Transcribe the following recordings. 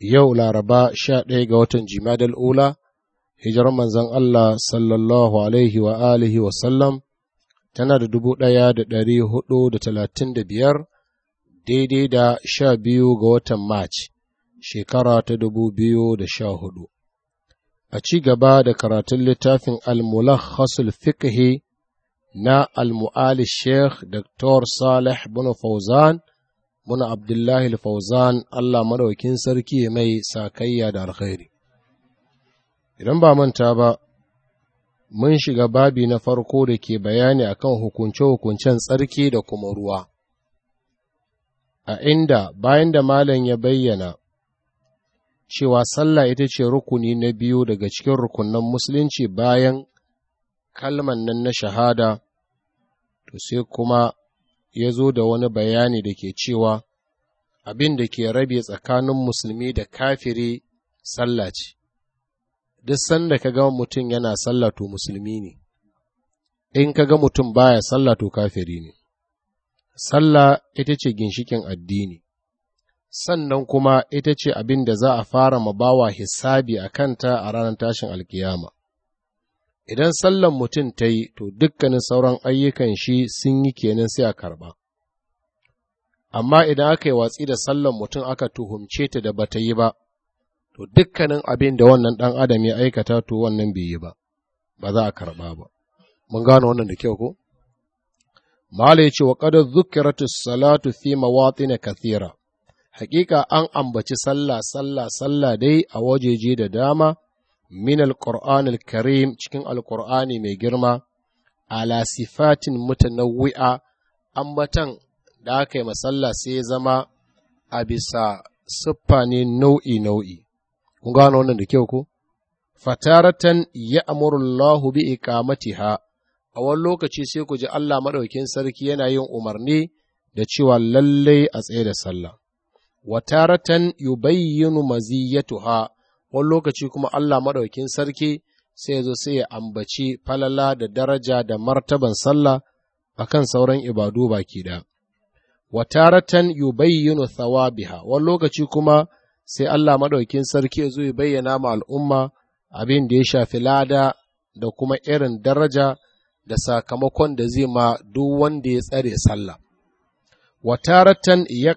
yau laraba sha ɗaya ga watan jimadal ula hijirar manzon Allah sallallahu alaihi wa alihi wa sallam tana da dubu ɗaya da ɗari hudu da talatin da biyar daidai da sha biyu ga watan Mac shekara ta dubu biyu da sha hudu. A ci gaba da karatun littafin Al-Mulakhasul Fiqhi na Al-Mu'ali Sheikh Dr. Salih bin Fauzan muna Abdullahi Fauzan Allah maɗaukin sarki mai sakayya da alkhairi. Idan ba manta ba, mun shiga babi na farko da ke bayani akan hukunce-hukuncen tsarki da kuma ruwa. A inda bayan da Malam ya bayyana cewa sallah ita ce rukuni na biyu daga cikin rukunan musulunci bayan kalman nan na shahada, to sai kuma ya zo da wani bayani da ke cewa abin da ke rabe tsakanin musulmi da kafiri sallah ce, duk sanda ka ga mutum yana sallah to musulmi ne, in ka ga mutum baya sallah to kafiri ne. Sallah ita ce ginshikin addini, sannan kuma ita ce abin da za a fara mabawa hisabi a kanta a ranar tashin alkiyama. idan sallan mutum ta yi to dukkanin sauran ayyukan shi sun yi kenan sai a karɓa. Amma idan aka yi watsi da sallan mutum aka tuhumce ta da bata yi ba, to dukkanin abin da wannan ɗan adam ya aikata to wannan bai yi ba, ba za a karɓa ba. Mun gano wannan da kyau ko? Mala ya ce wa ƙadar zukiratu salatu fi na kathira. Hakika an ambaci sallah sallah sallah dai a wajeje da dama min alqur'an alkarim cikin Al-Qur'ani mai girma ala sifatin mutanawwi'a ambatan da aka yi masalla sai ya zama a bisa siffa ne nau'i nau'i kun gano wannan da kyau ko fataratan ya amurullahu bi iqamatiha a wani lokaci sai ku ji Allah maɗaukin sarki yana yin umarni da cewa lallai a tsaye da sallah wataratan yubayyinu maziyatuha wani lokaci kuma Allah maɗaukin sarki sai ya zo sai ya ambaci falala da daraja da martaban sallah a kan sauran ibadu baki da. Wataratan yubayyinu thawabiha wani lokaci kuma sai Allah maɗaukin sarki ya zo ya bayyana ma al'umma abin da ya shafi lada da kuma irin daraja da sakamakon da zai ma duk wanda ya tsare sallah. Wataratan ya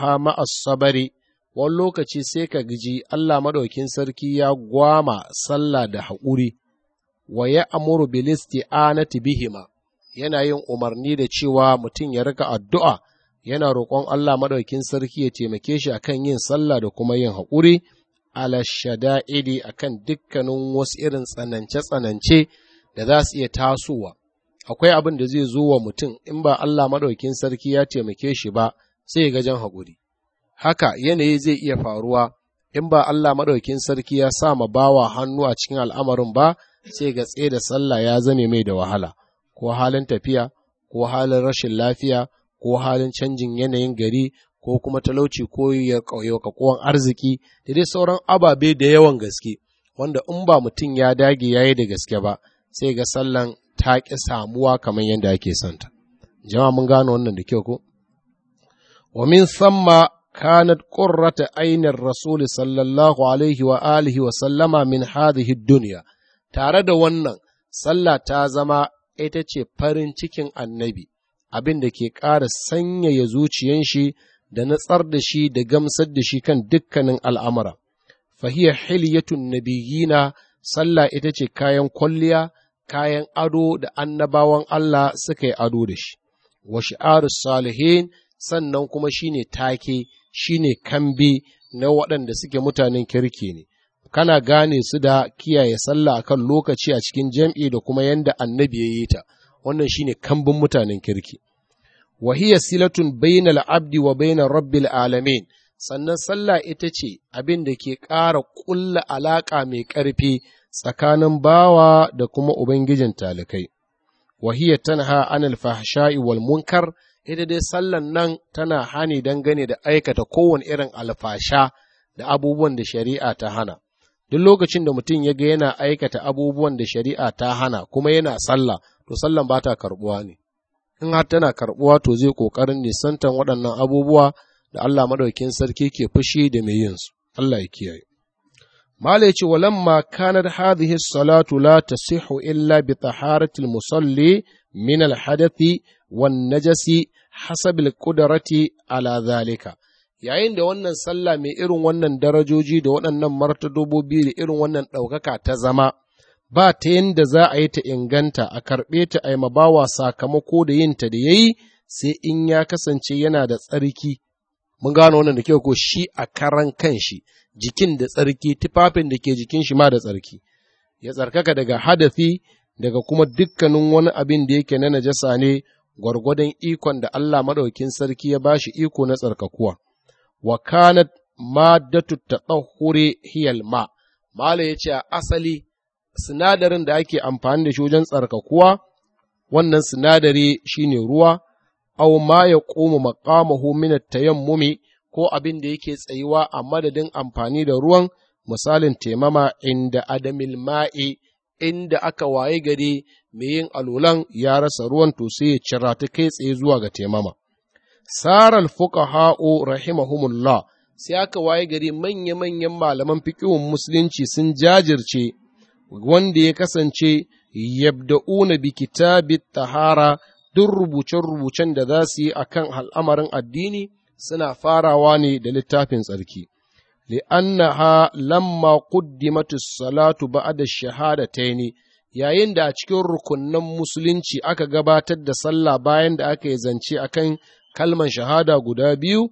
ha ma'as sabari wani lokaci sai ka gaji Allah maɗaukin sarki ya gwama sallah da haƙuri, wa ya amuru bilisti anati bihima, yana yin umarni da cewa mutum ya rika addu'a yana roƙon Allah maɗaukin sarki ya taimake shi akan yin sallah da kuma yin haƙuri, ala shada'idi akan dukkanin wasu irin tsanance-tsanance da za su iya tasowa. Akwai abin da zai zo wa mutum in ba Allah maɗaukin sarki ya taimake shi ba sai ya jan haƙuri. haka yanayi zai iya faruwa in ba Allah maɗaukin sarki ya sa ma bawa hannu a cikin al'amarin ba sai ga tsaye da sallah ya zame mai da wahala ko halin tafiya ko halin rashin lafiya ko halin canjin yanayin gari ko kuma talauci ko yaukakuwan arziki da dai sauran ababe da yawan gaske wanda in ba mutum ya dage ya yi da gaske ba sai ga sallan ta ƙi samuwa kamar yadda ake santa jama'a mun gano wannan da kyau ko wa min samma kanat qurrata ainin rasul sallallahu alaihi wa alihi wa sallama min hadhihi dunya tare da wannan sallah ta zama ita ce farin cikin annabi abin da ke ƙara sanyaya zuciyan shi da natsar da shi da gamsar da shi kan dukkanin al'amura fahiya hilyatun nabiyina sallah ita ce kayan kwalliya kayan ado da annabawan Allah suka yi ado da shi wa shi'arus salihin sannan kuma shine take Shi ne kambe na waɗanda suke mutanen kirki ne kana gane su da kiyaye sallah a kan lokaci a cikin jam'i da kuma yanda annabi ya yi ta wannan shi ne kambin mutanen kirki Wahiyya silatun bainal abdi wa bainar rabbil alamin sannan sallah ita ce abin da ke ƙara ƙulla alaƙa mai ƙarfi tsakanin bawa da kuma ubangijin talikai Wahiyya tanha anil fahsha'i wal munkar ita dai sallan nan tana hani dangane da aikata kowane irin alfasha da abubuwan da shari'a ta hana. Duk lokacin da mutum ya ga yana aikata abubuwan da shari'a ta hana kuma yana sallah, to sallan ba ta karɓuwa ne. In har tana karɓuwa to zai ƙoƙarin nisantan waɗannan abubuwa da Allah maɗaukin sarki ke fushi da mai yin su Allah ya kiyaye. Mala ya ce, walamma kanar hadhihi salatu la tasihu illa bi taharatil musalli من الحدث والنجس حسب hasabil على ذلك yayin da wannan sallah mai irin wannan darajoji da waɗannan martadobobi da irin wannan ɗaukaka ta zama ba ta yadda za a yi ta inganta a karɓe ta a mabawa sakamako da yinta da ya yi sai in ya kasance yana da tsarki mun gano wannan da kyau ko shi a karan shi, jikin da tsarki tufafin da ke jikin shi ma da tsarki ya tsarkaka daga hadafi daga kuma dukkanin wani abin da yake na najasa ne gwargwadon ikon da Allah maɗaukin sarki ya ba shi iko na tsarkakuwa. Wa kanat da tuttaɓa hiyal ma, Mala ya ce a asali sinadarin da ake amfani da shi wajen tsarkakuwa, wannan sinadari ne ruwa, au ma ya ƙoma maƙamahu ta yammumi ko abin da yake tsayuwa a madadin amfani da ruwan misalin taimama, inda adamil ma'i inda aka waye gari mai yin alulan ya rasa ruwan to sai ya cira ta kai tsaye zuwa ga taimama. Saral fuqaha'u rahimahumullah sai aka waye gari manya-manyan malaman fiƙihun musulunci sun jajirce wanda ya kasance yabda'una bi kitabit tahara duk rubuce-rubucen da za su yi akan al'amarin addini suna farawa ne da littafin tsarki. li'annaha lamma quddimat as-salatu ba'da yayin da a cikin rukunnan musulunci aka gabatar da sallah bayan da aka yi zance akan kalman shahada guda biyu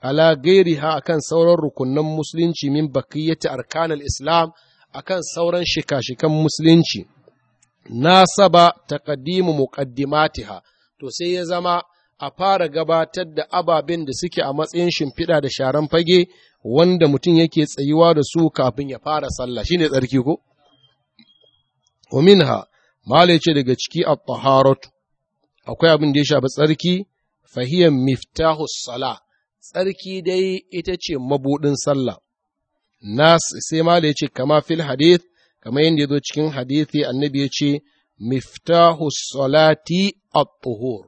ala ha akan sauran rukunnan musulunci min bakiyyati arkanal islam akan sauran shika-shikan musulunci nasaba taqdimu muqaddimatiha to sai ya zama a fara gabatar da ababen da suke a matsayin shimfiɗa da sharan fage wanda mutum yake tsayuwa da su kafin ya fara sallah shine tsarki ko wa minha ce daga ciki at-taharatu akwai abin da ya shafi tsarki fahiyar miftahu sala tsarki dai ita ce mabudin sallah nas sai mala yace kama fil hadith kamar yadda ya zo cikin hadithi annabi ya ce miftahu salati at-tuhur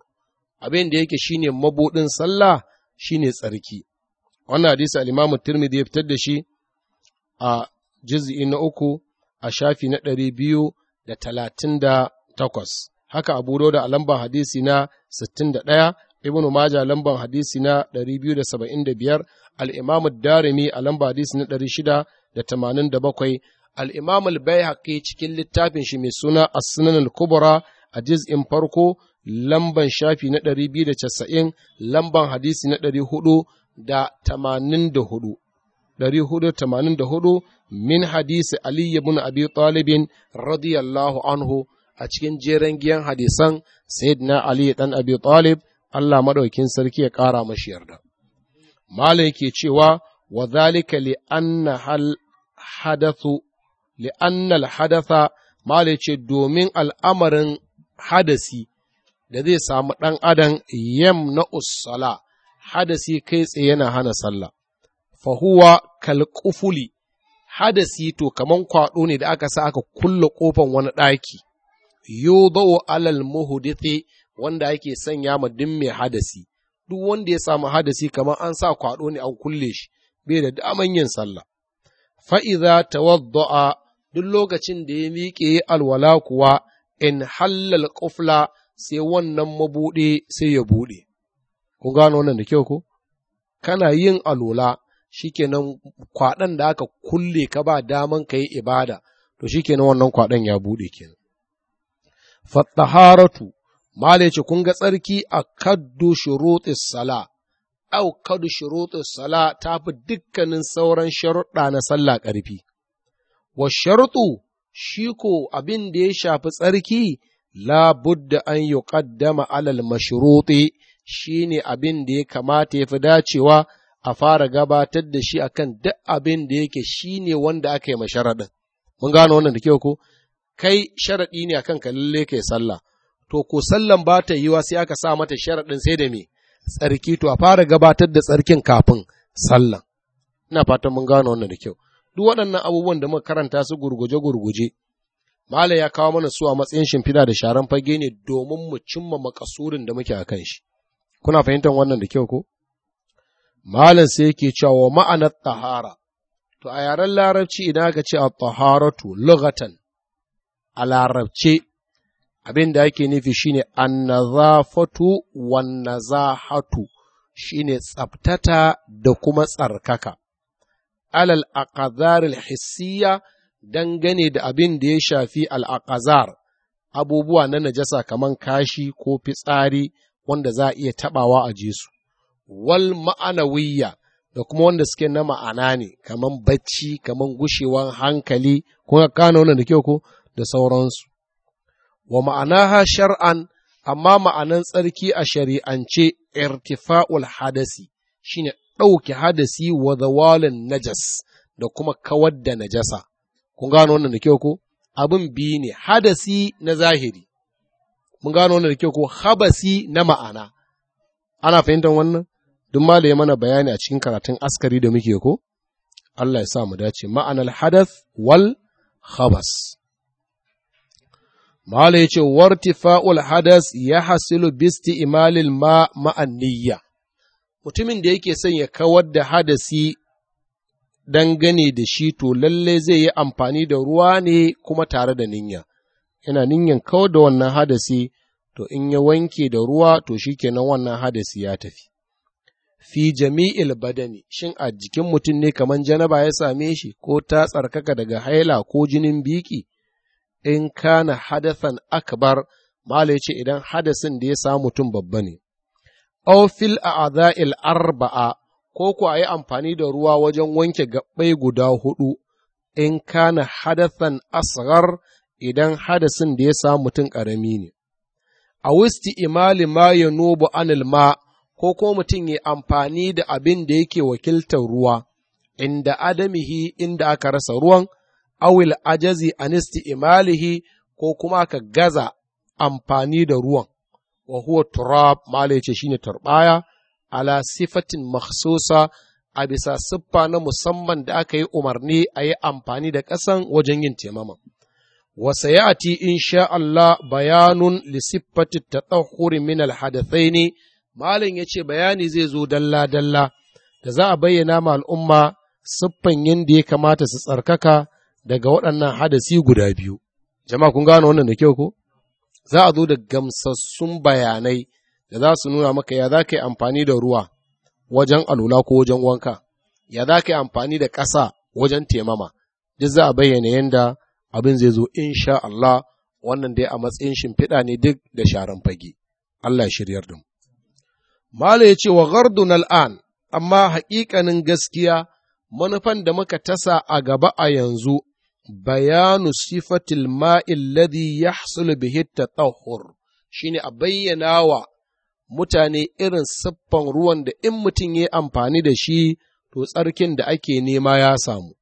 abin da yake shine mabudin sallah shine tsarki wannan hadisi al-imamu tirmidhi ya fitar da shi a juz'i na uku a shafi na ɗari biyu da talatin da takwas haka abu da a lamban hadisi na sittin da ɗaya ibn majah lamban hadisi na ɗari biyu da saba'in da biyar al-imamu darimi a lamba hadisi na ɗari shida da tamanin da bakwai al-imam al-baihaqi cikin littafin shi mai suna as-sunan al-kubra a juz'in farko lamban shafi na ɗari biyu da casa'in lamban hadisi na ɗari hudu da tamanin da hudu. Dari hudu tamanin da hudu min hadisi Ali bin Abi Talibin radiyallahu anhu a cikin jeren giyan hadisan Sayyidina Ali dan Abi Talib Allah maɗaukin sarki ya ƙara mashi yarda. Malam ke cewa wa zalika li anna hadatha ce domin al'amarin hadasi da zai samu ɗan adam yam na usala hadasi kai tsaye yana hana sallah fahuwa kalƙufuli hadasi to kaman kwaɗo ne da aka sa aka kulle ƙofan wani ɗaki yudau alal muhdithi wanda ake sanya ma din mai hadasi duk wanda ya samu hadasi kamar an sa kwaɗo ne an kulle shi bai da daman yin sallah fa idza tawadda'a duk lokacin da ya miƙe alwala kuwa in hallal qufla sai wannan mabuɗe sai ya buɗe Kun gano nan da kyau ko? Kana yin alola shikenan kwaɗan da aka kulle ka ba daman ka yi ibada, to shikenan wannan kwaɗan ya buɗe kenan. Fattaharatu, malice kun ga tsarki a kaddu shuruɗis sala, au kaddu shuruɗis sala ta fi dukkanin sauran sharuɗa na sallah ƙarfi. Wa sharuɗu shi ko abin da ya shafi tsarki, la budda an yi ƙaddama alal mashruti shi ne abin da ya kamata ya fi dacewa a fara gabatar da shi akan duk abin da yake shi ne wanda aka yi masharaɗin. Mun gano wannan da kyau ko? Kai sharaɗi ne akan ka lalle kai sallah. To, ko sallan ba ta yiwa sai aka sa mata sharaɗin sai da me? Tsarki, to a fara gabatar da tsarkin kafin sallan. Ina fatan mun gano wannan da kyau. Duk waɗannan abubuwan da muka karanta su gurguje-gurguje, Malam ya kawo mana su a matsayin shimfiɗa da sharan fage ne domin mu cimma makasurin da muke a kan shi. kuna fahimtar wannan da kyau ko malam sai yake cewa ma'anar tahara to a yaren larabci idan aka ce a taharatu lugatan a larabce abin da ake nufi shine annazafatu wan nazahatu shine tsabtata da kuma tsarkaka alal aqazaril hissiya dangane da abin da ya shafi al abubuwa na najasa kaman kashi ko fitsari wanda za a iya taɓawa a Jesu. wal ma'anawiyya da kuma wanda suke na ma'ana ne, kaman bacci, kamar gushewan hankali, kuma kano wannan da kyau ko da sauransu. Wa ma'anaha shar'an, amma ma'anan tsarki a shari'ance irtifa'ul hadasi shine ɗauke hadasi wa zawalin najas da kuma kawar da najasa. Kun gano wannan da kyau ko? Abin biyu ne, hadasi na zahiri mun gano wannan da kyau ko habasi na ma'ana ana fahimtar wannan duk ya mana bayani a cikin karatun askari da muke ko Allah ya sa mu dace ma'anar Hadas wal habas Mala ya ce, Wartifa'ul hadas ya hasilu bisti imalil ma ma'aniyya, mutumin da yake son ya kawar da hadasi dangane da shi to lallai zai yi amfani da ruwa ne kuma tare da niyya. yana ninyan kawar da wannan hadasi to in ya wanke da ruwa to shi shikenan wannan hadasi ya tafi fi jami'il badani shin a jikin mutum ne kamar janaba ya same shi ko ta tsarkaka daga haila ko jinin biki in kana hadathan akbar mala ya ce idan hadasin da ya sa mutum babba ne aw fil a'dha'il arba'a ko ku ayi amfani da ruwa wajen wanke gabbai guda hudu in kana hadasan asghar idan hadasin da ya sa mutum ƙarami ne. A wisti imali ma ya nobu anil ma ko ko mutum ya amfani da abin da yake wakiltar ruwa, inda adamihi inda aka rasa ruwan, awil ajazi anisti imalihi ko kuma aka gaza amfani da ruwan, wa huwa turab mala ce shine turbaya ala sifatin maksusa a bisa siffa na musamman da aka yi umarni a yi amfani da ƙasan wajen yin taimaman. wasa ya ati in sha Allah bayanun lisiffati ta tsakuri min alhadathai ne, Malin ya ce bayani zai zo dalla-dalla da za a bayyana ma al'umma siffan yadda ya kamata su tsarkaka daga waɗannan hadasi guda biyu. Jama'a kun gane wannan da kyau ko? Za a zo da gamsassun bayanai da za su nuna maka ya za ka yi amfani da ruwa wajen alula ko wajen wanka, ya za ka yi amfani da ƙasa wajen taimama, duk za a bayyana yadda abin zai zo insha Allah wannan dai a matsayin shimfiɗa ne duk da sharan fage Allah ya shiryar da mu Mala ya ce wa gardun al'an amma haƙiƙanin gaskiya manufan da muka tasa a gaba a yanzu bayanu sifatil ma'il ladhi bihitta bihi shi ne a bayyana wa mutane irin siffan ruwan da in mutum ya amfani da shi to tsarkin da ake nema ya samu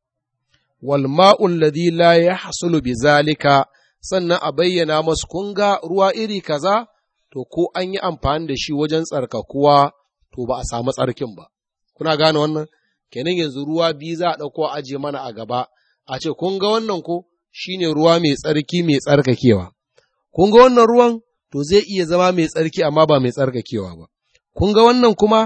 wal ma'ul ladhi la yahsulu bi zalika sannan a bayyana masu kunga ruwa iri kaza to ko an yi amfani da shi wajen tsarkakuwa to ba a samu tsarkin ba kuna gane wannan kenan yanzu ruwa biyu za a ɗauko a aje mana a gaba a ce kun ga wannan ko shine ruwa mai tsarki mai tsarkakewa kun ga wannan ruwan to zai iya zama mai tsarki amma ba mai tsarkakewa ba kun ga wannan kuma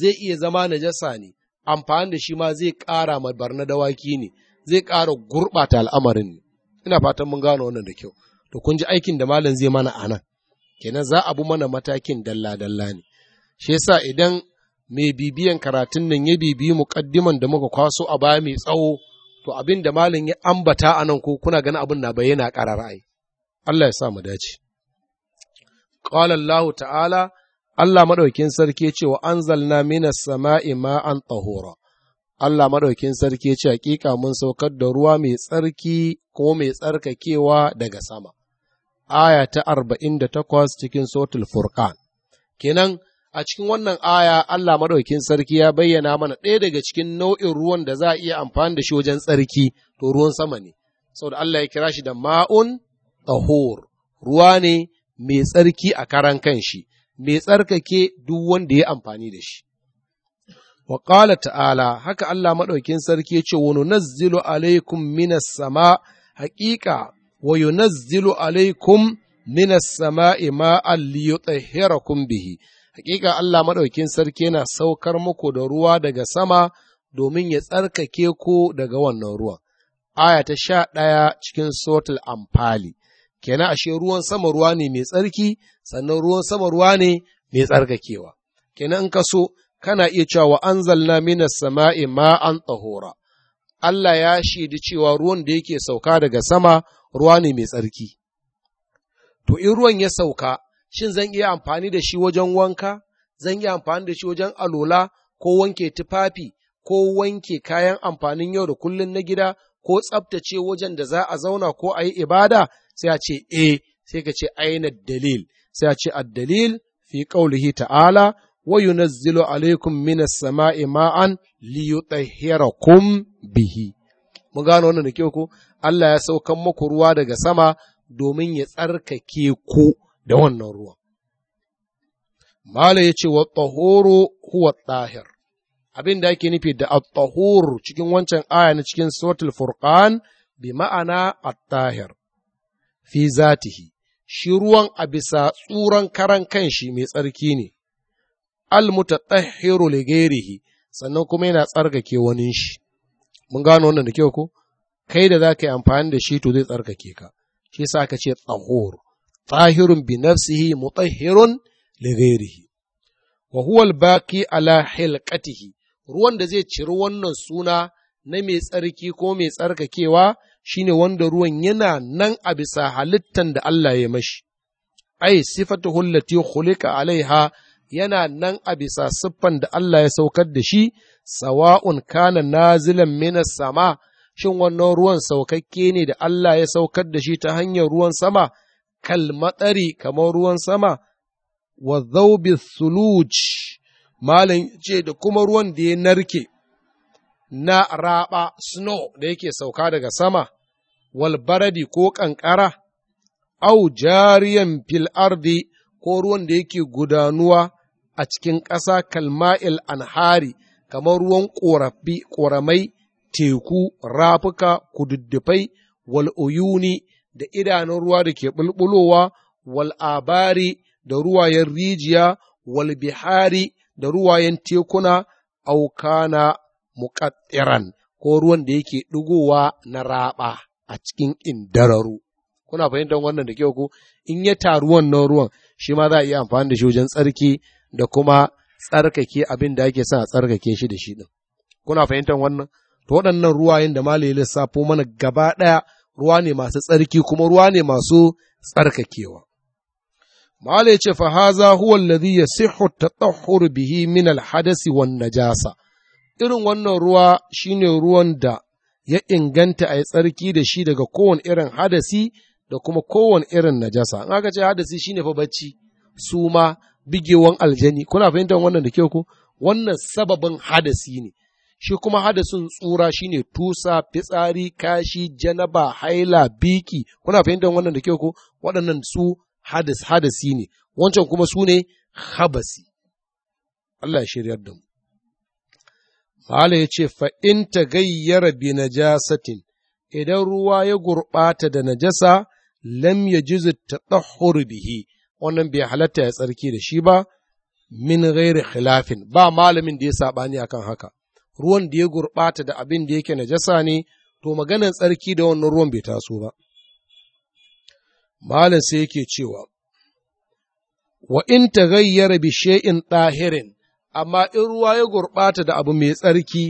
zai iya zama najasa ne amfani da shi ma zai ƙara ma barna dawaki ne zai ƙara gurɓata al'amarin ne ina fatan mun gano wannan da kyau to kun ji aikin da malam zai mana a nan. kenan za a bi mana matakin dalla dalla ne shi yasa idan mai bibiyan karatun nan ya bibiyi muƙaddiman da muka kwaso a baya mai tsawo to abin da malam ya ambata a nan ko kuna ganin abin na bayyana ƙara ra'ayi Allah ya sa mu dace qala Allahu ta'ala Allah madaukin sarki ya ce wa anzalna minas sama'i ma'an tahura Allah maɗaukin sarki ya ce hakika mun saukar da ruwa mai tsarki ko mai tsarkakewa daga sama. Aya ta arba'in da takwas cikin Sotul Furkan. Kenan a cikin wannan aya Allah maɗaukin sarki ya bayyana mana ɗaya daga cikin nau'in ruwan da za a iya amfani da shi wajen tsarki to ruwan sama ne. Saboda Allah ya kira shi da ma'un tahor ruwa ne mai tsarki a karan kanshi, mai tsarkake duk wanda ya amfani da shi. wa ƙala ta'ala haka Allah maɗaukin sarki ya ce na zilo alaikum minas sama haƙiƙa wa yunazzilu alaikum minas sama'i ma'an liyutahhirakum bihi haƙiƙa Allah maɗaukin sarki yana saukar muku da ruwa daga sama domin ya tsarkake ku daga wannan ruwan aya ta sha ɗaya cikin sotul amfali Kena ashe ruwan sama ruwa ne mai tsarki sannan ruwan sama ruwa ne mai tsarkakewa Kena in ka so kana iya cewa wa anzalna minas sama'i an tsahora. Allah ya shaidi cewa ruwan da yake sauka daga sama ruwa ne mai tsarki to in ruwan ya sauka shin zan iya amfani da shi wajen wanka zan iya amfani da shi wajen alola ko wanke tufafi ko wanke kayan amfanin yau da kullum na gida ko tsabtace wajen da za a zauna ko a yi ibada sai a ce e sai ka ce dalil sai a ce addalil fi ƙaulihi ta'ala وينزل عليكم alaikum السماء ماء ليطهركم به bihi mun gano wannan da kyau ku. Allah ya saukan muku ruwa daga sama domin ya tsarkake ku da wannan ruwa Mala ya ce wa tahuru huwa tahir, abin da ake nufi da at-tahur cikin wancan aya na cikin suratul furqan bi ma'ana at-tahir fi zatihi, shi ruwan a bisa tsuran karan kanshi mai tsarki ne, al-mutatahhiru li ghairihi sannan kuma yana tsarkake wani shi mun gano wannan da kyau ko kai da za ka yi amfani da shi to zai tsarkake ka shi yasa aka ce tahur tahirun bi nafsihi mutahhirun li ghairihi wa huwa ala hilqatihi ruwan da zai ciri wannan suna na mai tsarki ko mai tsarkakewa shine wanda ruwan yana nan a bisa halittan da Allah ya mashi ai sifatu hullati khuliqa alaiha yana nan a bisa siffan da Allah ya saukar da shi, sawa'un kana nazilan minas sama, shin wannan ruwan saukakke ne da Allah ya saukar da shi ta hanyar ruwan sama, kalmatsari kamar ruwan sama, wa zaubi suluj, malin ce da kuma ruwan da ya narke na raɓa snow da yake sauka daga sama, Walbaradi ko ƙanƙara, au jariyan fil ardi ko ruwan da yake gudanuwa a cikin ƙasa kalma'il anhari kamar ruwan ƙoramai, teku, rafuka, kududdufai, wal'uyuni da idanun ruwa da ke bulbulowa, wal'abari da ruwayen rijiya, walbihari da ruwayen tekuna, aukana muƙaɗiran ko ruwan da yake ɗigowa na raɓa a cikin indararu. Kuna fahimtar wannan da kyau ko in ya taru wannan ruwan shi ma za a iya amfani da shi wajen tsarki da kuma tsarkake abin da ake sa a tsarkake shi da shi ɗin. Kuna fahimtar wannan? To waɗannan ruwayen da ya lissafo mana gaba ɗaya ruwa ne masu tsarki kuma ruwa ne masu tsarkakewa. Mala ya ce fa haza huwa alladhi yasihhu tatahhur bihi min alhadasi wan najasa. Irin wannan ruwa shine ruwan da ya inganta a yi tsarki da shi daga kowane irin hadasi da kuma kowane irin najasa. In aka ce hadasi shine fa bacci, suma, bigewan aljani kuna fahimtar wannan da kyau ko wannan sababin hadasi ne shi kuma hadasin tsura shine tusa fitsari kashi janaba haila biki kuna fahimtar wannan da kyau ko waɗannan su hadas hadasi ne wancan kuma su ne habasi Allah ya shirya da mu Mahala ya ce fa in ta gayyara bi najasatin idan ruwa ya gurɓata da najasa lam ya jizu ta bihi wannan bai halatta ya tsarki da shi ba min ghairi khilafin ba malamin da ya saɓani akan haka ruwan da ya gurbata da abin da yake najasa ne to maganar tsarki da wannan ruwan bai taso ba malam sai yake cewa wa in taghayyara bi shay'in ɗahirin amma in ruwa ya gurbata da abu mai tsarki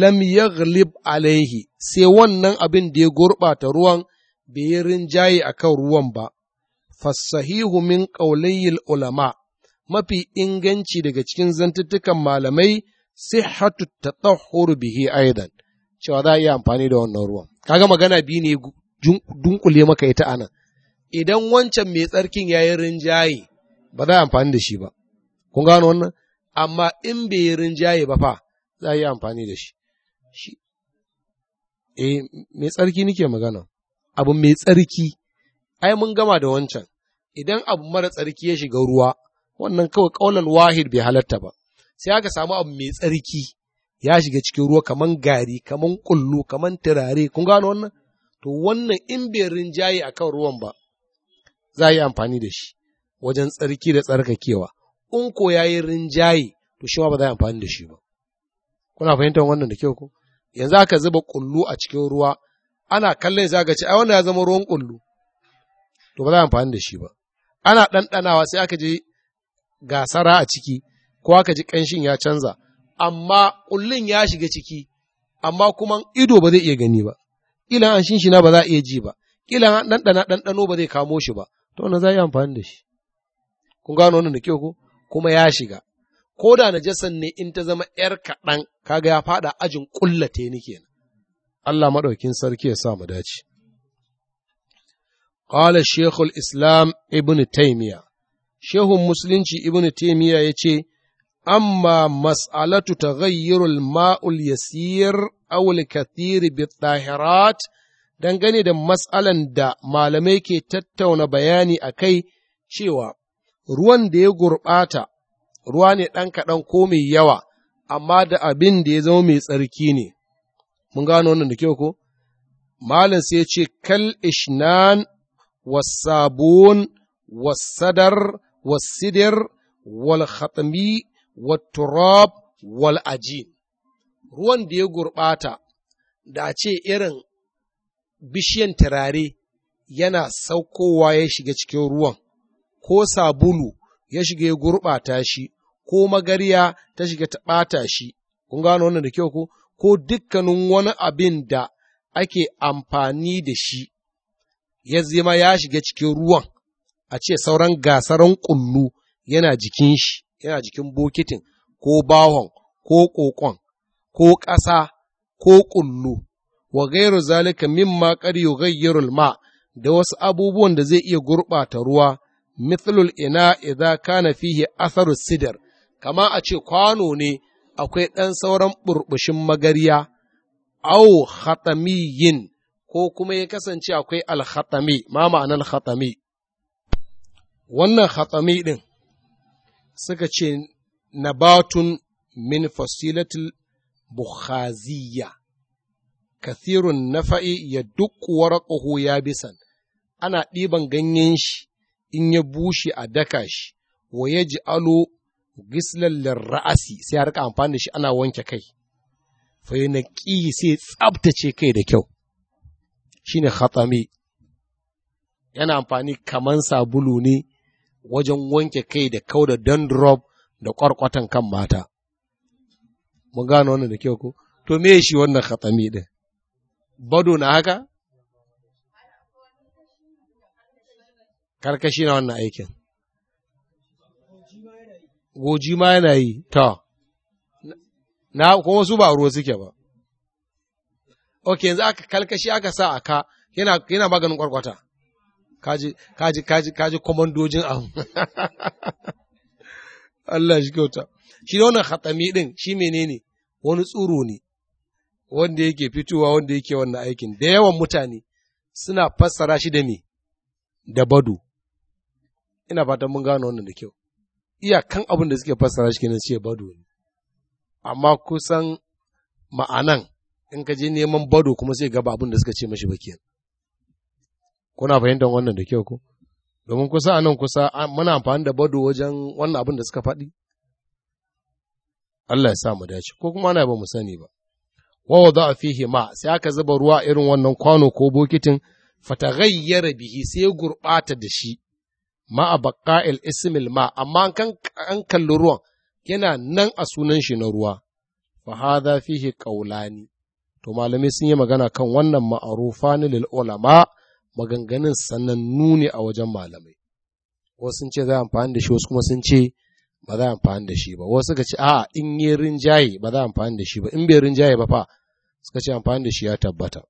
lam yaghlib alaihi sai wannan abin da ya gurbata ruwan bai yi rinjaye akan ruwan ba fassahihu min ƙaulayil ulama mafi inganci daga cikin zantuttukan malamai sai ta tatahhuru bihi aidan cewa za a iya amfani da wannan ruwan kaga magana biyu ne dunkule maka ita anan idan wancan mai tsarkin yayi rinjaye ba za a amfani da shi ba kun gano wannan amma in bai yi rinjaye ba fa za a yi amfani da shi eh mai tsarki nake magana abu mai tsarki ai mun gama da wancan, idan abu mara tsarki ya shiga ruwa, wannan kawai ƙaunar wahid bai halatta ba, sai aka samu abu mai tsarki ya shiga cikin ruwa kaman gari, kaman kullu, kaman turare, kun gano wannan? To wannan in bai rinjaye a kan ruwan ba, za a yi amfani da shi wajen tsarki da tsarkakewa, in ko ya yi rinjaye, to shi ma ba za a yi amfani da shi ba. Kuna fahimtar wannan da kyau ko? Yanzu aka zuba kullu a cikin ruwa, ana kallon za ga ce, ai wannan ya zama ruwan kullu, to ba za a amfani da shi ba ana ɗanɗanawa sai aka je gasara a ciki ko aka ji ƙanshin ya canza amma ƙullin ya shiga ciki amma kuma ido ba zai iya gani ba ƙila an shinshina ba za a iya ji ba ƙila ɗanɗana ɗanɗano ba zai kamo shi ba to wannan za a yi amfani da shi kun gano wannan da kyau ko kuma ya shiga ko da najasan ne in ta zama ‘yar kaɗan kaga ya faɗa ajin ƙullate ni kenan Allah maɗaukin sarki ya sa mu dace. Ƙala Shekul Islam Ibn Taimiyya, Shehun Musulunci Ibn Taimiyya ya ce, Amma mas'alatu ta gayyarul ma'ul yasir awul kathiri bi tahirat dangane da mas'alan da malamai ke tattauna bayani a kai cewa ruwan da ya gurɓata ruwa ne ɗan kaɗan ko mai yawa, amma da abin da ya zama mai tsarki ne. Mun gano wannan da kyau ko? Malam sai ce, Kal ishnan والصابون والصدر والسدر والخطمي والتراب والعجين ruwan da ya gurɓata da a ce irin bishiyan turare yana saukowa ya shiga cikin ruwan ko sabulu ya shiga ya gurɓata shi ko magarya ta shiga ta ɓata shi kun gano wannan da kyau ko dukkanin wani abin da ake amfani da shi ya zama ya shiga cikin ruwan a ce sauran gasaran kullu yana jikin shi yana jikin bokitin ko bahon ko ƙoƙon, ko ƙasa ko kullu wa gairu zalika mimma qad gayyarul ma da wasu abubuwan da zai iya gurɓata ruwa mithlul ina idza kana fihi atharu sidar kama a ce kwano ne akwai ɗan sauran burbushin magariya au khatamiyin ko kuma ya kasance akwai alhatami ma ma'anar hatami wannan hatami ɗin suka ce nabatun min fasilatul bukhaziyya kathirun nafa'i ya duk ƙaho ya bisan ana ɗiban ganyen shi in ya bushe a daka shi wa ya ji alo gislallar ra'asi sai a rika amfani da shi ana wanke kai fa na ƙi sai tsabtace kai da kyau shine khatami yana amfani kaman sabulu ne wajen wanke kai da kau da dandrop da kwarkwatan kan mata mun gano wannan da kyau ko to me shi wannan khatami din bado na haka karkashi na wannan aikin goji ma yana yi ta na kuma su ba ruwa suke ba ok yanzu aka kalkashi aka sa aka yana yana maganin kwarkwata kaji kaji kaji kaji komandojin abu Allah shi kyauta shi wannan hatsami din shi menene wani tsuro ne wanda yake fitowa wanda yake wannan aikin da yawan mutane suna fassara shi da me da bado ina fatan mun gano wannan da kyau kan abin da suke fassara shi kenan ce bado ne amma kusan ma'anan in ka je neman bado kuma sai gaba abin da suka ce mashi baki kuna fahimtar wannan da kyau ko domin kusa a nan kusa muna amfani da bado wajen wannan abin da suka faɗi Allah ya sa mu dace ko kuma ana ba mu sani ba wa wada fihi ma sai aka zuba ruwa irin wannan kwano ko bokitin fataghayyara bihi sai gurbata da shi ma a baƙa'il ismil ma, amma an kalli ruwan yana nan a sunan shi na ruwa, fa hadha fihi ƙaulani, to malamai sun yi magana kan wannan ma'arufa ni lil ulama maganganun sanannu ne a wajen malamai wasu sun ce za a amfani da shi wasu kuma sun ce ba za a amfani da shi ba wasu suka ce a in yi rinjaye ba za a amfani da shi ba in bai rinjaye ba fa suka ce amfani da shi ya tabbata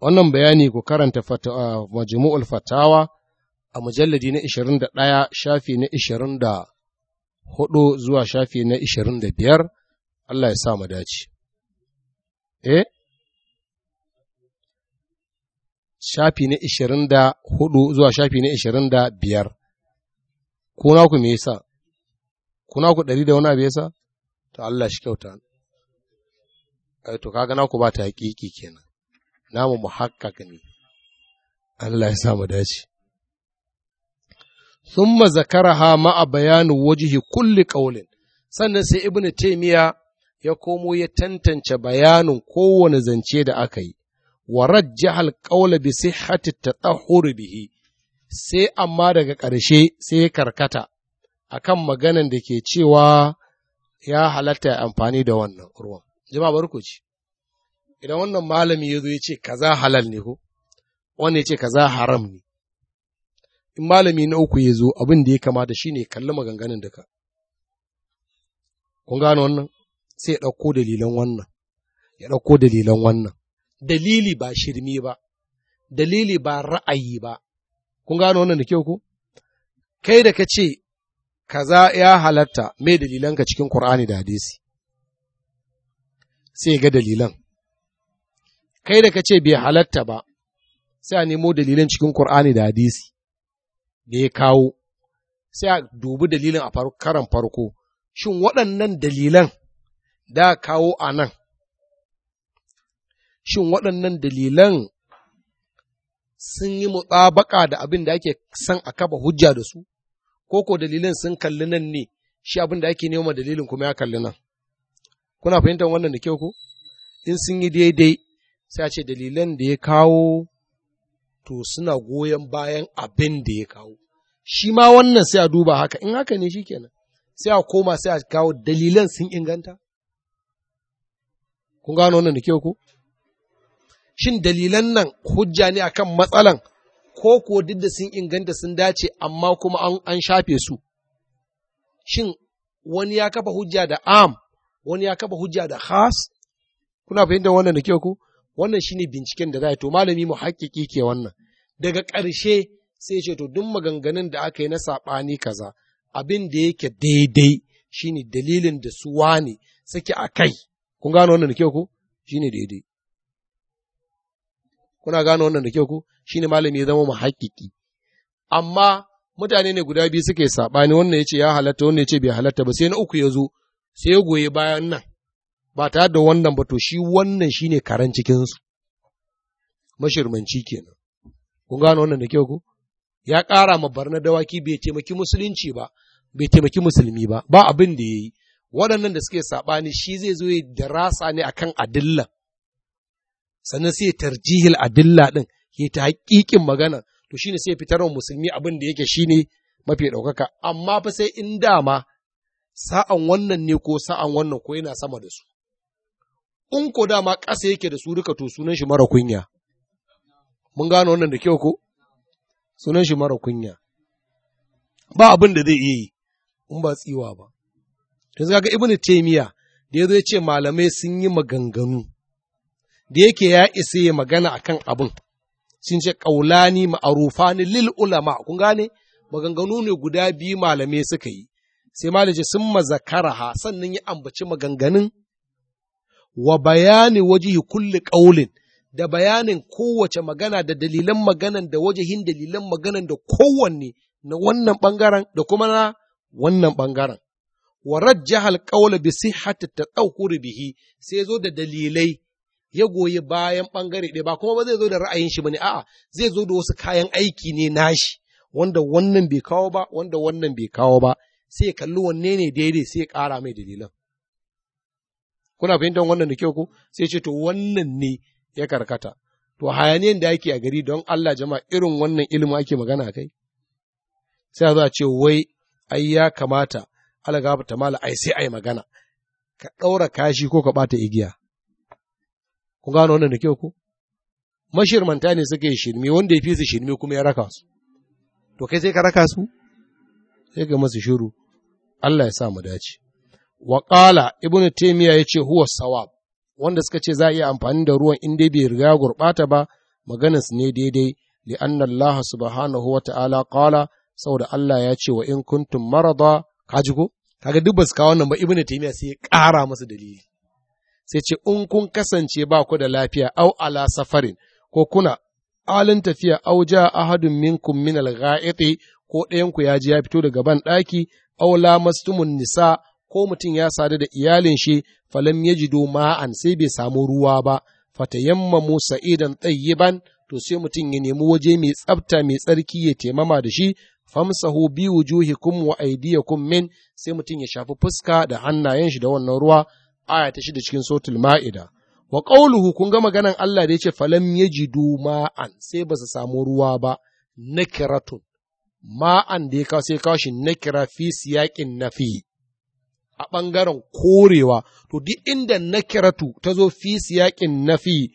wannan bayani ku karanta majmu'ul fatawa a mujalladi na 21 shafi na 24 zuwa shafi na 25 Allah ya sa mu dace eh shafi na ishirin da hudu zuwa shafi na ishirin da biyar kuna ku me yasa kuna ku ɗari da wani abu yasa to Allah shi kyauta eh, to kaga naku ba ta hakiki kenan namu muhakkak ne Allah ya sa mu dace thumma zakaraha ma'a bayanu wajhi kulli qawlin sannan sai ibnu taymiya ya komo ya tantance bayanin kowane zance da aka yi, wa rajjahal qawla bi sihhati tatahhur bihi sai amma daga ƙarshe sai ya karkata akan maganan da ke cewa ya halatta amfani da wannan ruwan. Jama'a ku ci. Idan wannan malami ya zo ya ce kaza halal ne ko, Wannan ya ce kaza haram ne. In malami na uku ya zo abin da ya kamata shine kalli maganganun duka. Kun gano wannan? sai ya ɗauko dalilan wannan, ya ɗauko dalilan wannan. Dalili ba shirmi ba, dalili ba ra'ayi ba, kun gano wannan da kyau ko? Kai da ka ce, kaza ya halatta mai dalilanka cikin Kur'ani da hadisi, sai ga dalilan. Kai da ka ce bai halatta ba, sai a nemo dalilan cikin Kur'ani da hadisi, da ya kawo, sai a dubi dalilin a karan farko, shin waɗannan dalilan da kawo a nan. Shin waɗannan dalilan sun yi mutsabaka da abin da ake son a kaba hujja da su, ko ko dalilan sun kalli nan ne, shi abin da ake nema dalilin kuma ya kalli nan. Kuna fahimtar wannan da kyau ko? In sun yi daidai, sai a ce dalilan da ya kawo to suna goyon bayan abin da ya kawo. Shi ma wannan sai a duba haka, in haka ne shi kenan, sai a koma sai a kawo dalilan sun inganta? kun gano wannan da kyau shin dalilan nan hujja ne akan matsalan ko ko duk da sun inganta sun dace amma kuma an, shafe su shin wani ya kafa hujja da am wani ya kafa hujja da khas kuna fahimtar wannan da kyau wannan shine binciken da za a to malami mu haƙiƙi ke wannan daga ƙarshe sai ce to duk maganganun da aka yi na saɓani kaza abin da yake daidai shine dalilin da su wane suke a kai Kun gano wannan da kyau ku? Shi ne daidai. Kuna gano wannan da kyau ko Shi ne malami ya zama mu Amma mutane ne guda biyu suke saɓani wannan ya ce ya halatta wannan ya ce bai halatta ba sai na uku ya zo sai ya goye bayan nan ba tare da wannan ba to shi wannan shi ne karen cikinsu. Mashirmanci kenan. Kun gano wannan da kyau ku? Ya ƙara ma barna dawaki bai taimaki musulunci ba, bai taimaki musulmi ba, ba abin da ya yi. waɗannan da suke saɓani shi zai zo ya darasa ne a kan adilla sannan sai tarjihil adilla ɗin ya ta haƙiƙin magana to shi ne sai fitar wa musulmi abin da yake ne mafi ɗaukaka amma fa sai in dama sa'an wannan ne ko sa'an wannan ko yana sama da su in ko dama ƙasa yake da su duka to sunan shi mara kunya mun gano wannan da kyau ko sunan shi mara kunya ba abin da zai iya yi in ba tsiwa ba To yanzu kaga Ibn Taymiya da yazo ya ce malamai sun yi maganganu da yake ya isa ya magana akan abin sun ce kaulani ma'arufani lil ulama kun gane maganganu ne guda biyu malamai suka yi sai malaji sun mazakaraha sannan ya ambaci maganganun wa bayani wajihi kulle qaulin da bayanin kowace magana da dalilan maganan da wajihin dalilan maganan da kowanne na wannan ɓangaren da kuma na wannan bangaren. wa rajjahal qawla bi sihhati tadawkur bihi sai zo da dalilai ya goyi bayan bangare ɗaya ba kuma ba zai zo da ra'ayin shi bane a'a zai zo da wasu kayan aiki ne nashi wanda wannan bai kawo ba wanda wannan bai kawo ba sai kalli wanne ne daidai sai ƙara mai dalilan kuna fahimtar wannan da kyau ko sai ce to wannan ne ya karkata to hayaniyan da ake a gari don Allah jama'a irin wannan ilimin ake magana kai sai a zo a ce wai ai ya kamata alagafa ta mala ai sai ai magana ka ɗaura kashi ko ka ɓata igiya ku gano wannan da kyau ku mashirmanta ne suka yi shirme wanda ya fi su shirme kuma ya raka su to kai sai ka raka su sai ga masu shiru Allah ya sa mu dace wa qala ibnu taymiya yace huwa sawab wanda suka ce za a iya amfani da ruwan in dai bai riga gurbata ba maganar su ne daidai li anna Allah subhanahu wa ta'ala qala saboda Allah ya ce wa in kuntum marada kaji ko kaga duk basu kawo wannan ba ibnu taymiya sai ya ƙara masa dalili sai ce in kun kasance ba ku da lafiya au ala safarin ko kuna alin tafiya au ja ahadun minkum min al ko ɗayan ku ya ji ya fito daga ban ɗaki au mastumun nisa ko mutum ya sadu da iyalin shi falam yajidu ma'an sai bai samu ruwa ba fatayammamu sa'idan tayyiban to sai mutum ya nemi waje mai tsafta mai tsarki ya taimama da shi famsahu bi wujuhikum wa aydiyakum min sai mutum ya shafi fuska da hannayen shi da wannan ruwa aya ta shida cikin sotul ma'ida wa qawluhu kun ga maganan Allah da yace falam yajidu ma'an sai ba su samu ruwa ba nakiratun ma'an da ya kawo sai kawo shi nakira fi siyaqin nafi a bangaren korewa to duk inda nakiratu ta zo fi siyaqin nafi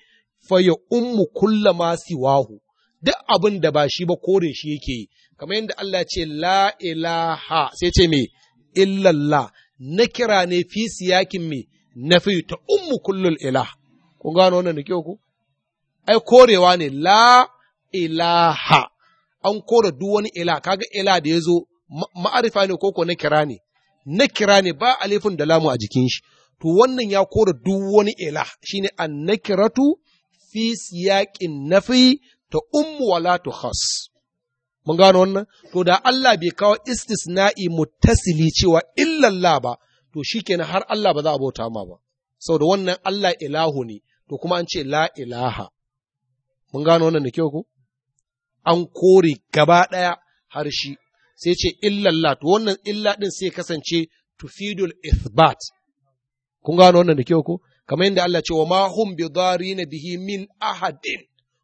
fa ya ummu kullama siwahu duk abin da ba shi ba kore shi yake yi kamar yadda Allah ce la ilaha sai ce me illallah na kira ne fi siyakin me na fi ta ummu kullul ilah kun gano wannan da ku ai korewa ne la ilaha an kore duk wani ila kaga ila da ya zo ma'arifa ne koko na kira ne na kira ne ba alifin da lamu a jikin shi to wannan ya kore duk wani ila shine an nakiratu fi siyaqin nafi ta ummu wala tu khas Mun gano wannan? To da Allah bai kawo istisna'i mutasili cewa illallah ba, to shi har Allah ba za a bauta ma ba. Saboda wannan Allah ilahu ne, to kuma an ce la ilaha. Mun gano wannan da kyau ko An kore gaba ɗaya har shi, sai ce illallah, to wannan illa din sai kasance tufidul ithbat. Kun gano wannan da kyau ko Kamar yadda Allah ce wa ma hum bi na bihi min ahadin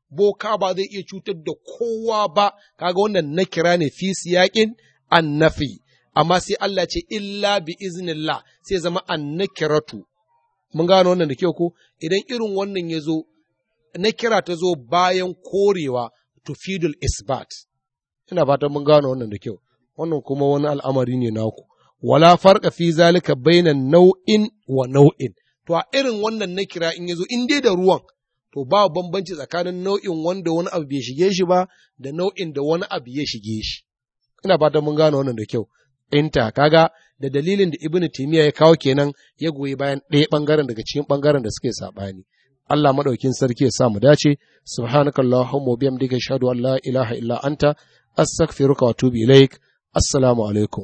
boka ba zai iya cutar da kowa ba, kaga wannan na kira ne fi siyaƙin annafi, amma sai Allah ce illa bi iznillah sai zama annakiratu. Mun gano wannan da kyau ko idan irin wannan ya zo, na kira ta zo bayan korewa to tufidul isbat. Ina fatan mun gano wannan da kyau, wannan kuma wani al'amari ne naku. Wala farka fi zalika bainan nau'in wa nau'in. To a irin wannan na kira in ya zo, in dai da ruwan, to ba bambanci tsakanin nau'in wanda wani abu bai shige shi ba da nau'in da wani abu ya shige shi ina fatan mun gane wannan da kyau inta kaga da dalilin da Ibn timiya ya kawo kenan ya goyi bayan ɗaya ɓangaren daga cikin ɓangaren da suke saɓani. Allah maɗaukin sarki ya sa mu dace Subhanaka wa bihamdika ashhadu an la ilaha illa anta astaghfiruka wa atubu ilaik assalamu alaikum